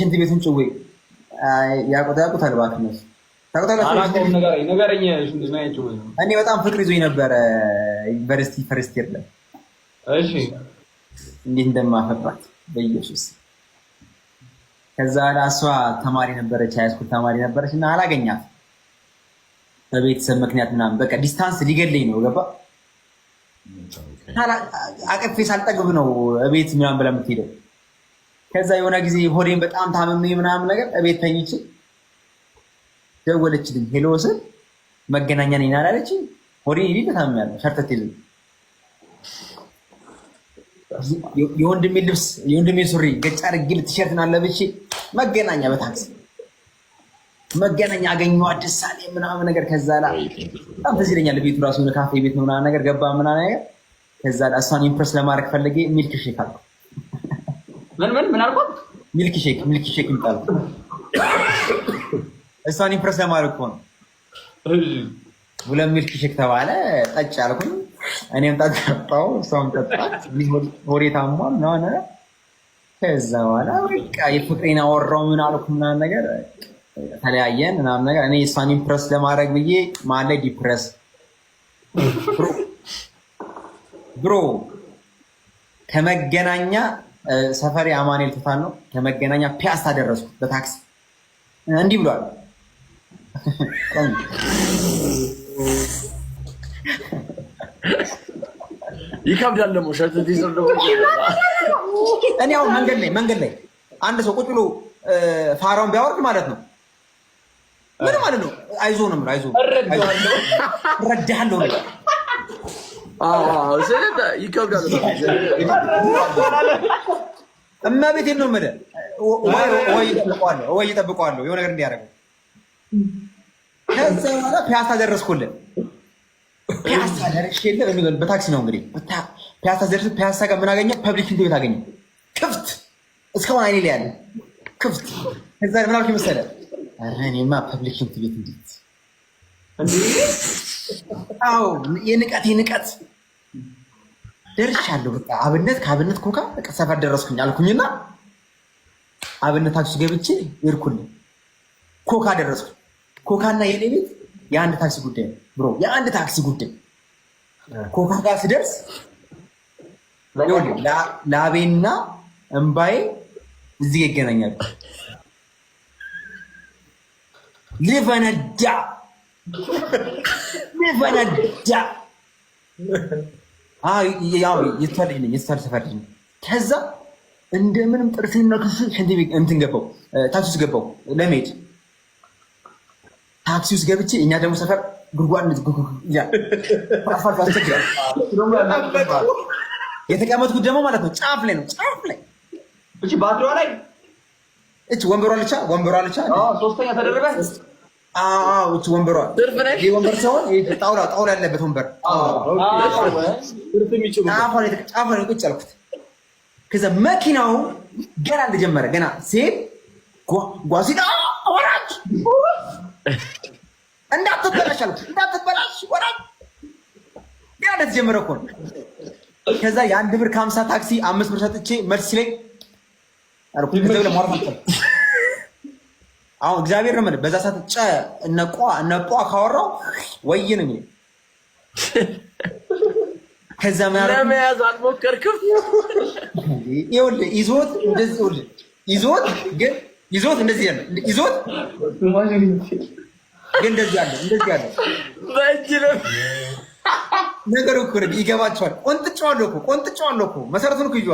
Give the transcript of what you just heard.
ሽንት ቤቱን ጭዌ ያቆታ ያቁታል እባክህ እኔ በጣም ፍቅር ይዞኝ ነበረ ዩኒቨርሲቲ ፈርስት የለም እንዴት እንደማፈራት በኢየሱስ። ከዛ እሷ ተማሪ ነበረች፣ ሃይስኩል ተማሪ ነበረች እና አላገኛት በቤተሰብ ምክንያት ምናምን በቃ ዲስታንስ ሊገለኝ ነው ገባ አቅፌ ሳልጠግብ ነው እቤት ምናምን ብላ የምትሄደው ከዛ የሆነ ጊዜ ሆዴን በጣም ታምሜ ምናምን ነገር እቤት ተኝቼ ደወለችልኝ። ሄሎ ስል መገናኛ ነኝ አላለች። ሆዴን በጣም ያለ ሸርተት የለም። የወንድሜ ልብስ የወንድሜ ሱሪ ገጭ አድርጌ ልትሸርትን አለብሽ። መገናኛ በታክሲ መገናኛ አገኘዋ ደሳሌ ምናምን ነገር ከዛ ላ በጣም ትዝ ይለኛል። ቤቱ ራሱ ካፌ ቤት ነው ምናምን ነገር ገባ ምናምን ነገር ከዛ ላ እሷን ኢምፕረስ ለማድረግ ፈልጌ ሚልክ ሼክ አልኩ። ምን ምን ምን አልኩት? ሚልክ ሼክ ሚልክ ሼክ ይምጣል። እሷን ኢምፕረስ ለማድረግ እኮ ነው። ሁለት ሚልክ ሼክ ተባለ። ጠጭ አልኩኝ። እኔም ጠጣው፣ እሷም ጠጣች። ሆዴ ታሟል ሆነ። ከዛ በኋላ በቃ የፍቅሬን አወራው ምን አልኩ ምናምን ነገር ተለያየን ምናምን ነገር። እኔ እሷን ኢምፕረስ ለማድረግ ብዬ ማለ ዲፕረስ ብሮ ከመገናኛ ሰፈሪ አማኔል ትፋን ነው ከመገናኛ ፒያሳ ደረስኩ በታክሲ እንዲህ ብሏል። ይከብዳል ደግሞ ሸት እኔ አሁን መንገድ ላይ መንገድ ላይ አንድ ሰው ቁጭ ብሎ ፋራውን ቢያወርድ ማለት ነው ምን ማለት ነው? አይዞ ነው አይዞ አይዞህ እረዳሃለሁ ይከብዳል። እመቤቴን ነው የምልህ። ወይ እጠብቀዋለሁ የሆነ ነገር እንዲያደርገው። ከዛ በኋላ ፒያሳ ፒያሳ ደርሼልህ በታክሲ ነው እንግዲህ ፒያሳ ደርስ። ፒያሳ ጋር ምን አገኘህ? ፐብሊክ ሽንት ቤት አገኘህ፣ ክፍት እስካሁን አይኔ ላይ ያለ ክፍት። ከዛ ምን አልኩኝ መሰለህ? ኧረ እኔማ ፐብሊክ ሽንት ቤት እንዴት አዎ የንቀት የንቀት ደርሻለሁ። በቃ አብነት ከአብነት ኮካ ሰፈር ደረስኩኝ አልኩኝና አብነት ታክሲ ገብቼ ሄድኩልኝ። ኮካ ደረስኩኝ። ኮካና የኔ ቤት የአንድ ታክሲ ጉዳይ ብሮ፣ የአንድ ታክሲ ጉዳይ። ኮካ ጋር ስደርስ ላቤና እምባዬ እዚህ ይገናኛሉ። ልፈነዳ ፈነዳ። ያው የተፈርጅ ነኝ የተፈርጅ ነኝ። ከዛ እንደምንም ጥርሴና ክሱ ሽንት ቤት እንትን ገባው፣ ታክሲ ውስጥ ገባው ለመሄድ ታክሲ ውስጥ ገብቼ እኛ ደግሞ ሰፈር ጉድጓድ የተቀመጥኩት ደግሞ ማለት ነው ጫፍ ላይ ነው ጫፍ ላይ ባድሯ ላይ ወንበሯ ልቻ ወንበሯ ልቻ ሶስተኛ ተደረበ እቺ ወንበሯ ይሄ ወንበር ሳይሆን ጣውላ ጣውላ ያለበት ወንበር ጫፏ ቁጭ አልኩት። ከዛ መኪናው ገና እንደጀመረ ገና ሲሄድ ጓሲጣ እንዳትበላሽ አልኩት፣ እንዳትበላሽ ገና እንደተጀመረ እኮ ነው። ከዛ የአንድ ብር ከሀምሳ ታክሲ አምስት ብር ሰጥቼ መልስ ሲለኝ አሁን እግዚአብሔር ነው በዛ ሰዓት ጨ እነቋ እነቋ ካወራው ወይ ነው የሚለው። ከዛ መያዝ አልሞከርክም። ይኸውልህ ይዞት እንደዚህ ይዞት ግን ይዞት እንደዚህ ያለ ይዞት ግን እንደዚህ ያለ እንደዚህ ያለ በእጅ ነው ነገሩ እኮ ይገባቸዋል። ቆንጥጫዋለሁ እኮ ቆንጥጫዋለሁ እኮ መሰረቱን እኮ ይዤዋለሁ።